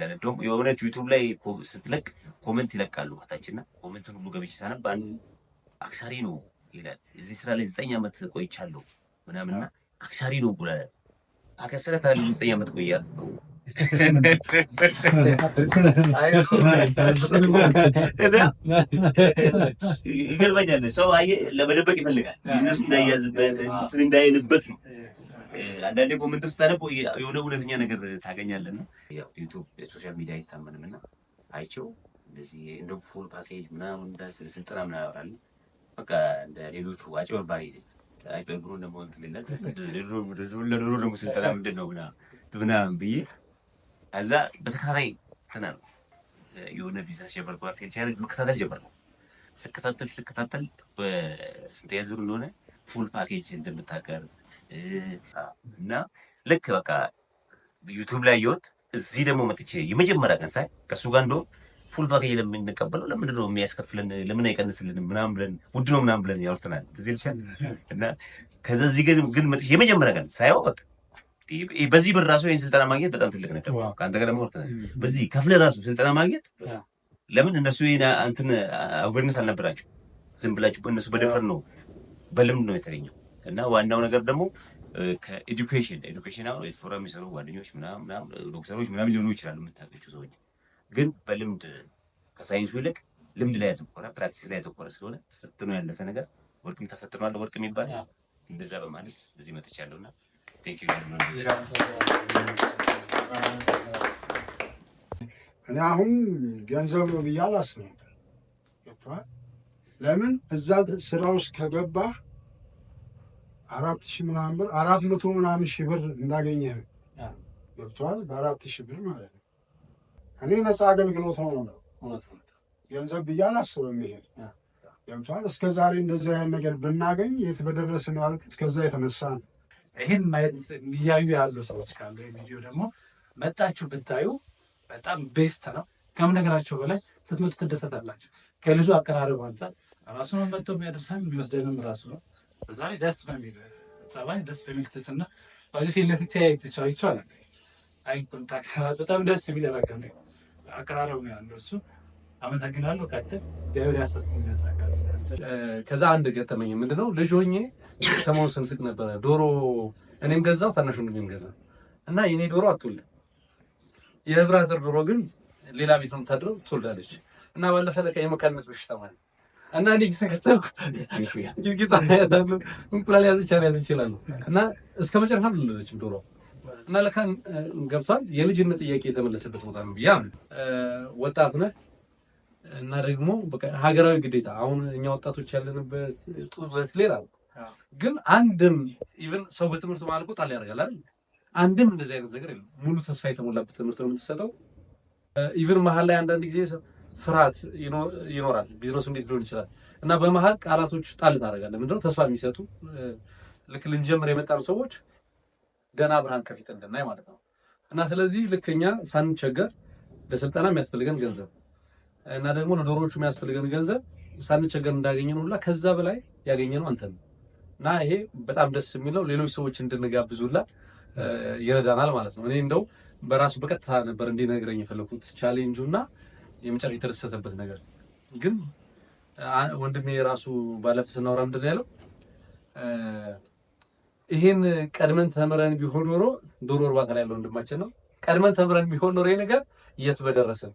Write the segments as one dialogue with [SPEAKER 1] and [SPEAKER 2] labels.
[SPEAKER 1] የለን። እንደውም የእውነት ዩቱብ ላይ ስትለቅ ኮመንት ይለቃሉ ታችና ኮመንትን ሁሉ ገብቼ ሳነብ አክሳሪ ነው ይላል። እዚህ ስራ ላይ ዘጠኝ ዓመት ቆይቻለሁ ምናምንና አክሳሪ ነው ጉላ አከሰረት አለ ዘጠኝ ዓመት ቆያ ይገርመኛል። ሰው አየህ ለመደበቅ ይፈልጋል ቢዝነሱ እንዳያዝበት እንዳይልበት ነው አንዳንዴ ኮመንትም ስታነብ የሆነ እውነተኛ ነገር ታገኛለን። እና ዩቱብ ሶሻል ሚዲያ አይታመንም እና አይቼው እንደዚህ እንደ ፉል ፓኬጅ ምናምን ስልጠና ምናምን ያወራል። በቃ እንደ ሌሎቹ አጭበርባሪ አጭበርብሮ እንደመሆን ክልለት ለድሮ ደሞ ስልጠና ምንድን ነው ምናምን ብዬ ከዛ በተከታታይ ትና ነው የሆነ ቢዝነስ ጀመርኩ ሲያደግ መከታተል ነው ስከታተል ስከታተል በስንተኛ ዙር እንደሆነ ፉል ፓኬጅ እንደምታቀርብ እና ልክ በቃ ዩቱብ ላይ ይወት እዚህ ደግሞ መጥቼ የመጀመሪያ ቀን ሳይ ከእሱ ጋር እንደውም ፉል ፓኬጅ ለምንቀበለው ለምንድን ነው የሚያስከፍለን? ለምን አይቀንስልን ምናምን ብለን ውድ ነው ምናምን ብለን ያወርተናል። ትዝ ይልሻል። እና ከዛ እዚህ ግን መጥቼ የመጀመሪያ ቀን ሳይው በቃ በዚህ ብር ራሱ ይህን ስልጠና ማግኘት በጣም ትልቅ ነገር ከአንተ ጋር ደግሞ ወርተናል። በዚህ ከፍለ ራሱ ስልጠና ማግኘት ለምን እነሱ ይሄን እንትን አዌርነስ አልነበራቸው። ዝም ብላችሁ እነሱ በደፈር ነው በልምድ ነው የተገኘው እና ዋናው ነገር ደግሞ ከኤዱኬሽን ኤዱኬሽን አሁን ፎራ የሚሰሩ ጓደኞች ዶክተሮች ምናምን ሊሆኑ ይችላሉ የምታውቃቸው ሰዎች ግን በልምድ ከሳይንሱ ይልቅ ልምድ ላይ ያተኮረ ፕራክቲስ ላይ ያተኮረ ስለሆነ ተፈትኖ ያለፈ ነገር ወርቅም ተፈትኗል ወርቅ የሚባል እንደዛ በማለት እዚህ መጥቻለሁ እና
[SPEAKER 2] እኔ አሁን ገንዘብ ነው ብዬ ለምን እዛ ስራ ውስጥ ከገባህ አራት ሺህ ምናምን ብር አራት መቶ ምናምን ሺህ ብር እንዳገኘ ገብቷል። በአራት ሺህ ብር ማለት ነው። እኔ ነፃ አገልግሎት ሆኖ ነው ገንዘብ ብዬ አላስብም። ይሄን ገብቷል። እስከ ዛሬ እንደዚህ አይነት ነገር ብናገኝ የት በደረስ ነው ያልኩት። ከዛ የተነሳ ነው
[SPEAKER 1] ይህን ማየት እያዩ ያሉ ሰዎች ካሉ ቪዲዮ ደግሞ መጣችሁ ብታዩ በጣም ቤስት ነው። ከምነገራችሁ በላይ ስትመጡ ትደሰታላችሁ። ከልጁ አቀራረቡ አንጻር ራሱ ነው መጥቶ የሚያደርሰን የሚወስደንም ራሱ ነው። ዛሬ ደስ በሚል ጸባይ ደስ በሚል ፊት ለፊት አይን ኮንታክት በጣም ደስ የሚል በቃ አቀራረቡ ነው ያለው እሱ። አመሰግናለሁ። ቀጥል ከዛ አንድ ገጠመኝ ምንድነው ልጅ ሆኜ ሰሞኑን ስንስቅ ነበረ። ዶሮ እኔም ገዛው ታናሽ ወንድሜም ገዛ እና የኔ ዶሮ ዶሮ ግን ሌላ ቤት ነው የምታድረው ትወልዳለች። እና ባለፈ ለቃ የመካንነት በሽታ ማለት እና እኔ እየተከተልኩ ጌጣ ያዛለሁ እንቁላል ያዘች ያልያዘች ይችላሉ። እና እስከ መጨረሻ ልለች ዶሮ እና ለካን ገብቷል። የልጅነት ጥያቄ የተመለሰበት ቦታ ነው ብያ ወጣት ነህ እና ደግሞ ሀገራዊ ግዴታ አሁን እኛ ወጣቶች ያለንበት ጡዘት ሌላ ግን አንድም ኢቨን ሰው በትምህርት ማልቆ ጣል ያደርጋል አይደል? አንድም እንደዚህ አይነት ነገር የለም። ሙሉ ተስፋ የተሞላበት ትምህርት ነው የምትሰጠው። ኢቨን መሀል ላይ አንዳንድ ጊዜ ፍርሃት ይኖራል። ቢዝነሱ እንዴት ሊሆን ይችላል? እና በመሀል ቃላቶች ጣል ታደርጋለህ። ምንድነው ተስፋ የሚሰጡ ልክ ልንጀምር የመጣን ሰዎች ገና ብርሃን ከፊት እንድናይ ማለት ነው። እና ስለዚህ ልክ እኛ ሳንቸገር ለስልጠና የሚያስፈልገን ገንዘብ እና ደግሞ ለዶሮዎቹ የሚያስፈልገን ገንዘብ ሳንቸገር እንዳገኘን ሁላ ከዛ በላይ ያገኘነው አንተ ነው። እና ይሄ በጣም ደስ የሚለው ሌሎች ሰዎች እንድንጋብዙላ ይረዳናል ማለት ነው። እኔ እንደው በራሱ በቀጥታ ነበር እንዲነግረኝ የፈለኩት ቻሌንጁ እና የመጨረሻ የተደሰተበት ነገር ግን ወንድሜ የራሱ ባለፈ ስናወራ ምንድን ነው ያለው? ይህን ቀድመን ተምረን ቢሆን ኖሮ ዶሮ እርባታ ላይ ያለው ወንድማችን ነው። ቀድመን ተምረን ቢሆን ኖሮ ይህ ነገር የት በደረስን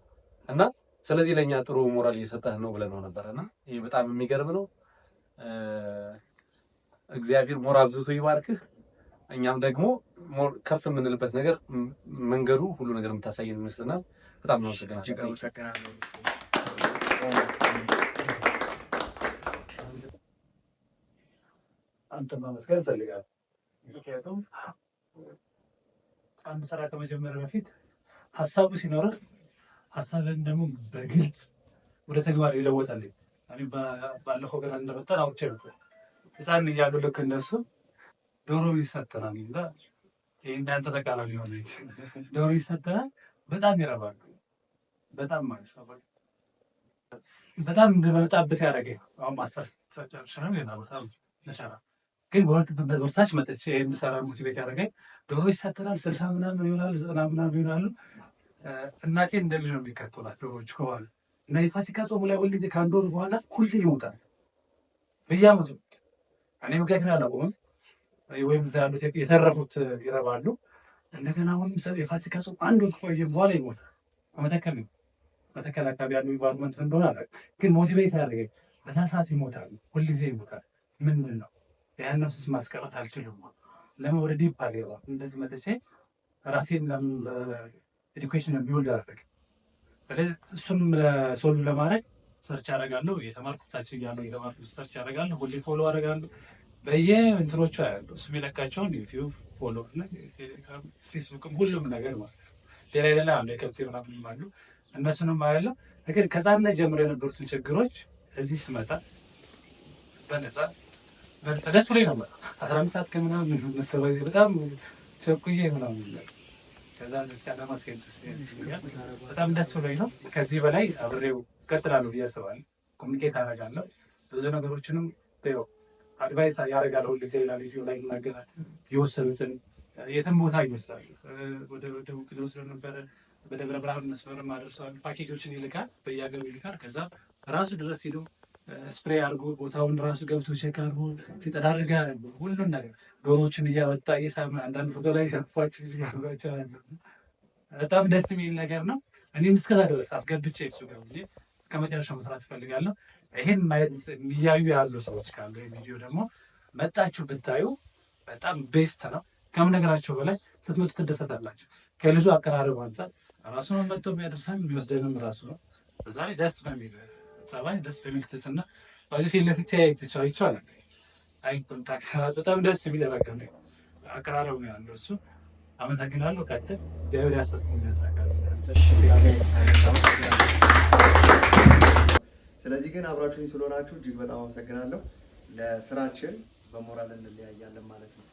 [SPEAKER 1] እና ስለዚህ ለእኛ ጥሩ ሞራል እየሰጠህ ነው ብለን ነው ነበረ እና ይህ በጣም የሚገርም ነው። እግዚአብሔር ሞራ ሰው ይባርክህ። እኛም ደግሞ ከፍ የምንልበት ነገር መንገዱ ሁሉ ነገር የምታሳየን ይመስለናል። በጣም ነው አመሰግናለሁ። አንተን ማመስገን እፈልጋለሁ። ምክንያቱም አንድ ስራ ከመጀመር በፊት ሀሳቡ ሲኖረህ ሀሳብን ደግሞ በግልጽ ወደ ተግባር ይለወጣል። ባለፈው ገና እንደመጣን አውቼ ነበር። ህፃን እያሉ ልክ እንደሱ ዶሮ ይሰጠናል እና ይህ እናንተ ተቃራኒ ሆነ ዶሮ ይሰጠናል። በጣም ይረባሉ። በጣም ማለት ነው በጣም እንደመጣበት ያደረገኝ አሁን ማስተርስ ጨርሻለሁ። ሌላ ቦታ ልሰራ ግን በወርታች መጠች የምሰራ ሞቲቬት ያደረገኝ ዶሮ ይሰጠናል፣ ስልሳ ምናምን ይሆናሉ፣ ዘጠና ምናምን ይሆናሉ። እናቴ እንደ ልጅ ነው የሚከተላት ዶሮች ከኋላ እና የፋሲካ ጾሙ ላይ ወልጅ ከአንድ ወር በኋላ ሁሌ ይወጣል በየዓመቱ እኔ ምክንያት ያለሆን ወይም እዛ ያሉት የተረፉት ይረባሉ። እንደገና አሁንም የፋሲካ ጾም አንድ ወር ከቆየ በኋላ ይሞታል። አመታከሚ በተከል አካባቢ ያሉ ኢንቫይሮንመንት እንደሆነ አለ ግን ሞቲቬት ያደርገኝ በዛ ሰዓት ይሞታሉ፣ ሁልጊዜ ይሞታል። ምንድን ነው ያን ነፍስ ማስቀረት አልችልም። ለምን ወደ ዲፕ አገባ እንደዚህ መጥቼ ራሴን ኤዱኬሽን ቢውልድ አደረግ። ስለዚህ እሱም ሶልቭ ለማድረግ ሰርች ያደርጋለሁ። የተማርኩ ሳችን ያለ የተማርኩ ሰርች ያደርጋለሁ። ሁሌ ፎሎ አደርጋለሁ። በየ እንትኖቹ ያሉ እሱ የሚለካቸውን ዩቲዩብ ፎሎ፣ ቴሌግራም፣ ፌስቡክም ሁሉም ነገር ማለት ነው። ሌላ ሌላ አንዱ የከብቴ ምናምን አሉ እነሱንም አያለው። ግን ከህፃንነት ጀምሮ የነበሩትን ችግሮች እዚህ ስመጣ በነፃ ደስ ብሎኝ ነበር። አስራ አምስት ሰዓት ከምናምን መሰባ ጊዜ በጣም ቸኩዬ ምናምን ከዛ እስከ ለማስኬድ በጣም ደስ ብሎኝ ነው። ከዚህ በላይ አብሬው ቀጥላሉ ብዬ አስባለሁ። ኮሚኒኬት አደርጋለሁ ብዙ ነገሮችንም አድቫይስ ያደርጋለሁ። ሁሉ ጊዜ ላ ቪዲዮ ላይ ይናገራል። የወሰኑትን የትም ቦታ ይወስዳል። ወደ ደቡብ ክልል ስለነበረ በደብረ ብርሃን መስመርም አደርሰዋል። ፓኬጆችን ይልካል፣ በየሀገሩ ይልካል። ከዛ ራሱ ድረስ ሄዶ ስፕሬይ አድርጎ ቦታውን ራሱ ገብቶ ቼክ አድርጎ ሲጠራርጋ ሁሉን ነገር ዶሮዎችን እያወጣ እየሳመ አንዳንድ ፎቶ ላይ ሸፏቸው ይችላሉ። በጣም ደስ የሚል ነገር ነው። እኔም እስከዛ ድረስ አስገብቼ እሱ ጋር እ ከመጨረሻ መስራት እፈልጋለሁ። ይሄን ማየት እያዩ ያሉ ሰዎች ካሉ ቪዲዮ ደግሞ መጣችሁ ብታዩ በጣም ቤስት ነው። ከምነገራቸው በላይ ስትመጡ ትደሰታላችሁ። ከልጁ አቀራረቡ አንጻር ራሱ ነው መጥቶ የሚያደርሰን የሚወስደንም ራሱ ነው። በዛ ላይ ደስ በሚል ጸባይ፣ ደስ በሚል ትትና ፊት ለፊት ያይቸው አይቸዋል። አይን ኮንታክት ራሱ በጣም ደስ የሚል በቃ አቀራረቡ ነው ያለው እሱ። አመሰግናለሁ። ቀጥል እግዚአብሔር ስለዚህ ግን አብራችሁኝ ስለሆናችሁ እጅግ በጣም አመሰግናለሁ። ለስራችን በሞራል እንለያያለን ማለት ነው።